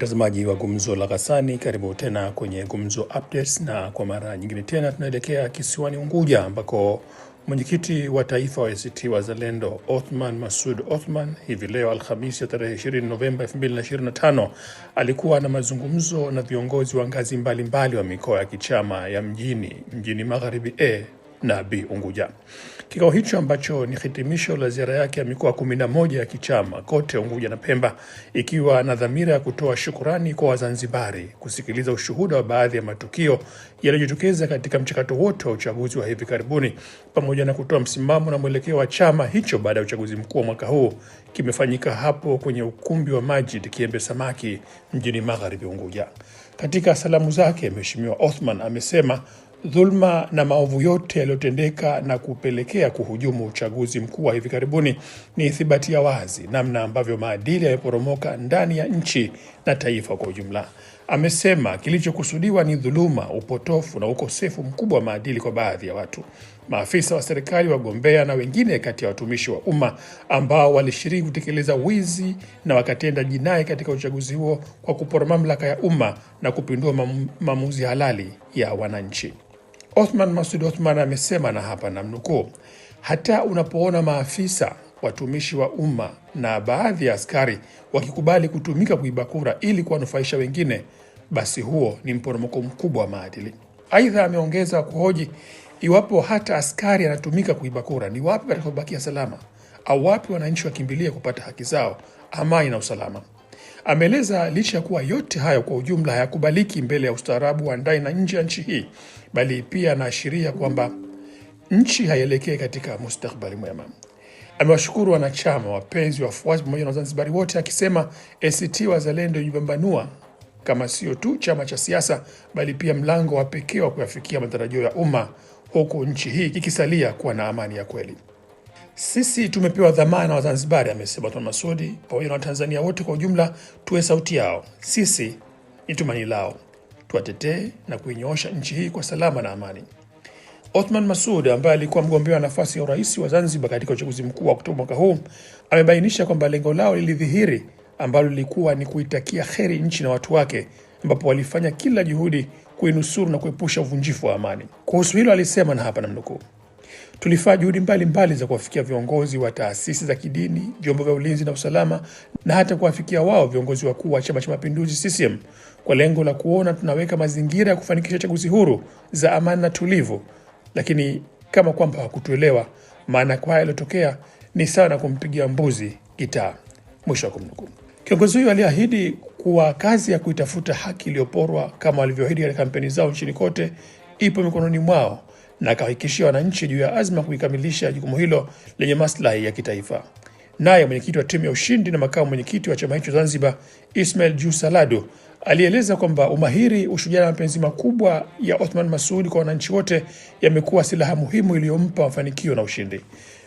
mtazamaji wa Gumzo la ghasani karibu tena kwenye Gumzo Updates, na kwa mara nyingine tena tunaelekea kisiwani Unguja ambako mwenyekiti wa taifa wa ACT Wazalendo Othman Masud Othman hivi leo Alhamisi ya tarehe 20 Novemba 2025 alikuwa na mazungumzo na viongozi wa ngazi mbalimbali wa mikoa ya kichama ya mjini mjini Magharibi A na B Unguja. Kikao hicho ambacho ni hitimisho la ziara yake ya mikoa kumi na moja ya kichama kote Unguja na Pemba, ikiwa na dhamira ya kutoa shukurani kwa Wazanzibari, kusikiliza ushuhuda wa baadhi ya matukio yaliyojitokeza katika mchakato wote wa uchaguzi wa hivi karibuni, pamoja na kutoa msimamo na mwelekeo wa chama hicho baada ya uchaguzi mkuu wa mwaka huu, kimefanyika hapo kwenye ukumbi wa Majid Kiembe Samaki mjini Magharibi Unguja. Katika salamu zake, Mheshimiwa Othman amesema dhulma na maovu yote yaliyotendeka na kupelekea kuhujumu uchaguzi mkuu wa hivi karibuni ni thibati ya wazi namna ambavyo maadili yameporomoka ndani ya nchi na taifa kwa ujumla. Amesema kilichokusudiwa ni dhuluma, upotofu na ukosefu mkubwa wa maadili kwa baadhi ya watu, maafisa wa serikali, wagombea na wengine kati ya watumishi wa umma ambao walishiriki kutekeleza wizi na wakatenda jinai katika uchaguzi huo kwa kupora mamlaka ya umma na kupindua maamuzi halali ya wananchi. Othman Masud Othman amesema, na hapa namnukuu, hata unapoona maafisa watumishi wa umma na baadhi ya askari wakikubali kutumika kuiba kura ili kuwanufaisha wengine, basi huo ni mporomoko mkubwa wa maadili. Aidha, ameongeza kuhoji iwapo hata askari anatumika kuiba kura, ni wapi watakaobakia salama au wapi wananchi wakimbilia kupata haki zao, amani na usalama. Ameeleza licha ya kuwa yote hayo kwa ujumla hayakubaliki mbele ya ustaarabu wa ndani na nje ya nchi hii, bali pia anaashiria kwamba nchi haielekei katika mustakbali mwema. Amewashukuru wanachama, wapenzi, wafuasi pamoja na Wazanzibari wote, akisema ACT Wazalendo imepambanua kama sio tu chama cha siasa, bali pia mlango wa pekee wa kuyafikia matarajio ya umma, huku nchi hii ikisalia kuwa na amani ya kweli. Sisi tumepewa dhamana na Wazanzibari, amesema Othman Masudi, pamoja na Watanzania wote kwa ujumla, tuwe sauti yao. Sisi ni tumaini lao, tuwatetee na kuinyoosha nchi hii kwa salama na amani. Othman Masud ambaye alikuwa mgombea wa nafasi ya urais wa Zanzibar katika uchaguzi mkuu wa Oktoba mwaka huu amebainisha kwamba lengo lao lilidhihiri, ambalo lilikuwa ni kuitakia kheri nchi na watu wake, ambapo walifanya kila juhudi kuinusuru na kuepusha uvunjifu wa amani. Kuhusu hilo alisema, na hapa namnukuu Tulifanya juhudi mbalimbali za kuwafikia viongozi wa taasisi za kidini, vyombo vya ulinzi na usalama, na hata kuwafikia wao viongozi wakuu wa Chama cha Mapinduzi CCM kwa lengo la kuona tunaweka mazingira ya kufanikisha chaguzi huru za amani na tulivu, lakini kama kwamba hawakutuelewa, maana kwa haya yaliyotokea ni sawa na kumpigia mbuzi gitaa. Mwisho wa kumnukuu. Kiongozi huyo aliahidi kuwa kazi ya kuitafuta haki iliyoporwa kama walivyoahidi katika kampeni zao nchini kote ipo mikononi mwao na akahakikishia wananchi juu ya azma kuikamilisha jukumu hilo lenye maslahi ya kitaifa. Naye mwenyekiti wa timu ya ushindi na makamu mwenyekiti wa chama hicho Zanzibar, Ismail jusaladu Salado, alieleza kwamba umahiri, ushujaa na mapenzi makubwa ya Othman Masudi kwa wananchi wote yamekuwa silaha muhimu iliyompa mafanikio na ushindi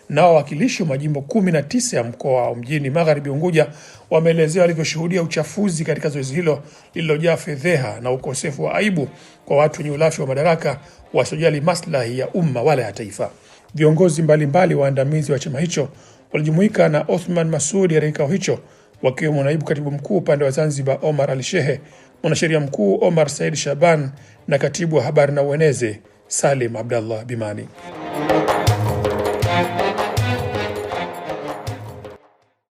na wawakilishi wa majimbo kumi na tisa ya mkoa wa mjini magharibi Unguja wameelezea walivyoshuhudia uchafuzi katika zoezi hilo lililojaa fedheha na ukosefu wa aibu kwa watu wenye ulafi wa madaraka wasiojali maslahi ya umma wala ya taifa. Viongozi mbalimbali waandamizi wa, chama hicho walijumuika na Othman Masudi katika kikao hicho wakiwemo naibu katibu mkuu upande wa Zanzibar Omar Ali Shehe, mwanasheria mkuu Omar Said Shaban na katibu wa habari na ueneze Salim Abdallah Bimani.